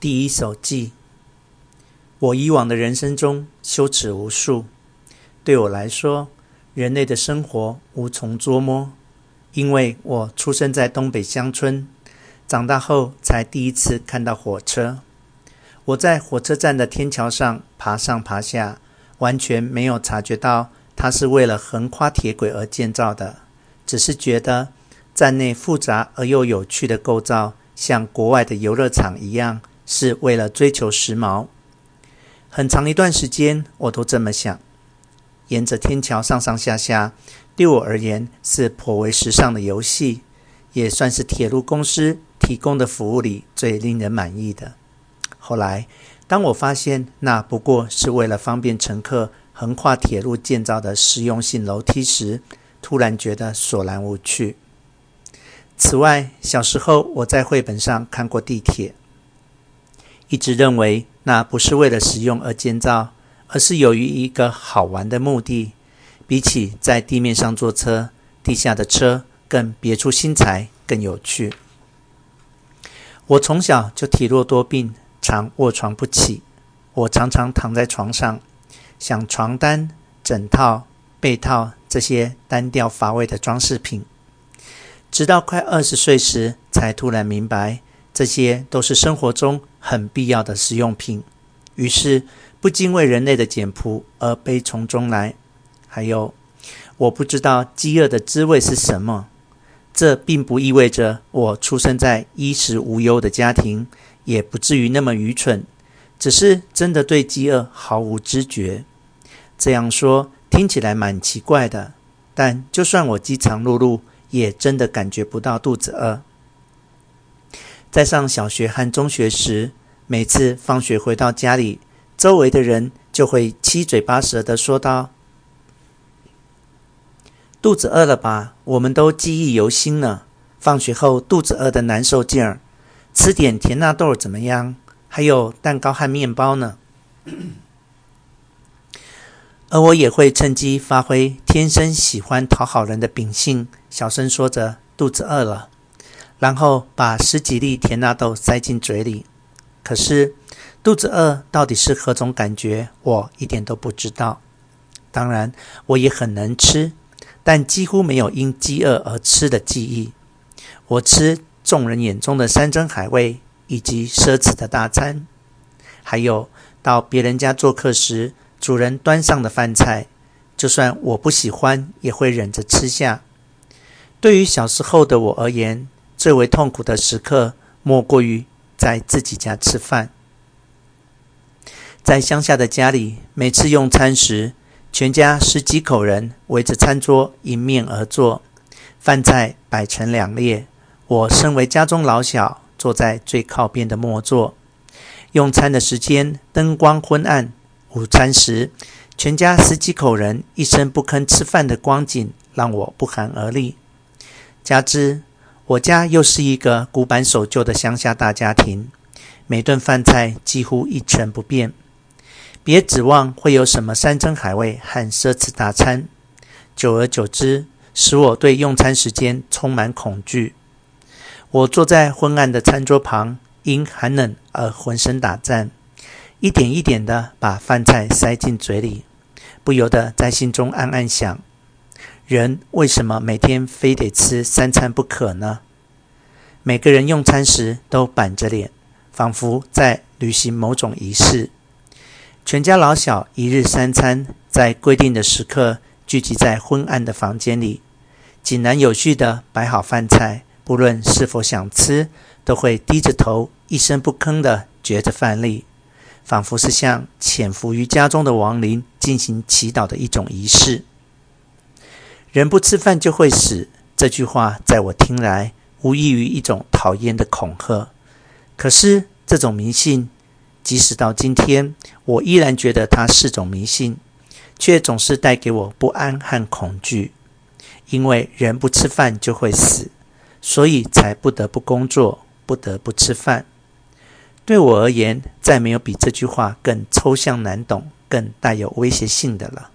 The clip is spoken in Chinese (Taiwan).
第一手記：我以往的人生中羞恥無數。對我來說，人類的生活無從捉摸，因為我出生在東北鄉村，長大後才第一次看到火車。我在火車站的天橋上爬上爬下，完全沒有察覺到它是為了橫跨鐵軌而建造的，只是覺得站內複雜而又有趣的構造，像國外的遊樂場一樣。是為了追求時髦，很長一段時間我都這麼想。沿着天橋上上下下，對我而言是頗為時尚的遊戲，也算是鐵路公司提供的服務裡最令人滿意的。後來，當我發現那不過是為了方便乘客橫跨鐵路建造的實用性樓梯時，突然覺得索然無趣。此外，小時候我在繪本上看過地鐵。一直認為那不是為了實用而建造，而是由於一個好玩的目的。比起在地面上坐車，地下的車更別出心裁，更有趣。我從小就體弱多病，常臥床不起。我常常躺在床上，想床單、枕套、被套這些單調乏味的裝飾品，直到快二十歲時才突然明白。這些都是生活中很必要的實用品，於是不禁為人類的簡樸而悲從中來。還有，我不知道飢餓的滋味是什麼。這並不意味着我出生在衣食無憂的家庭，也不至於那麼愚蠢，只是真的對飢餓毫無知覺。這樣說聽起來蠻奇怪的，但就算我飢腸轆轆，也真的感覺不到肚子餓。在上小學和中學時，每次放學回到家裡，周圍的人就會七嘴八舌的說道：“肚子餓了吧？”我們都記憶猶新呢。放學後肚子餓得難受勁兒，吃點甜納豆怎麼樣？還有蛋糕和麵包呢。而我也會趁機發揮天生喜歡討好人的秉性，小聲說着：“肚子餓了。”然後把十幾粒甜納豆塞進嘴裡，可是肚子餓到底是何種感覺，我一點都不知道。當然，我也很能吃，但幾乎沒有因飢餓而吃的記憶。我吃眾人眼中的山珍海味以及奢侈的大餐，還有到別人家做客時主人端上的飯菜，就算我不喜歡，也會忍着吃下。對於小時候的我而言，最為痛苦的時刻，莫過於在自己家吃飯。在鄉下的家裡，每次用餐時，全家十幾口人圍着餐桌迎面而坐，飯菜擺成兩列。我身為家中老小，坐在最靠邊的末座。用餐的時間，燈光昏暗。午餐時，全家十幾口人一聲不吭吃飯的光景，讓我不寒而慄。加之，我家又是一個古板守舊的鄉下大家庭，每頓飯菜幾乎一成不變，別指望會有什麼山珍海味和奢侈大餐。久而久之，使我對用餐時間充滿恐懼。我坐在昏暗的餐桌旁，因寒冷而渾身打顫，一點一點地把飯菜塞進嘴裡，不由得在心中暗暗想。人為什麼每天非得吃三餐不可呢？每個人用餐時都板着臉，仿佛在履行某種儀式。全家老小一日三餐在規定的時刻聚集在昏暗的房間裡，井然有序地擺好飯菜。不論是否想吃，都會低着頭，一聲不吭地嚼着飯粒，仿佛是向潛伏於家中的亡靈進行祈禱的一種儀式。人不吃飯就會死，這句話在我聽來無異於一種討厭的恐嚇。可是這種迷信，即使到今天，我依然覺得它是種迷信，卻總是帶給我不安和恐懼。因為人不吃飯就會死，所以才不得不工作，不得不吃飯。對我而言，再沒有比這句話更抽象難懂、更帶有威脅性的了。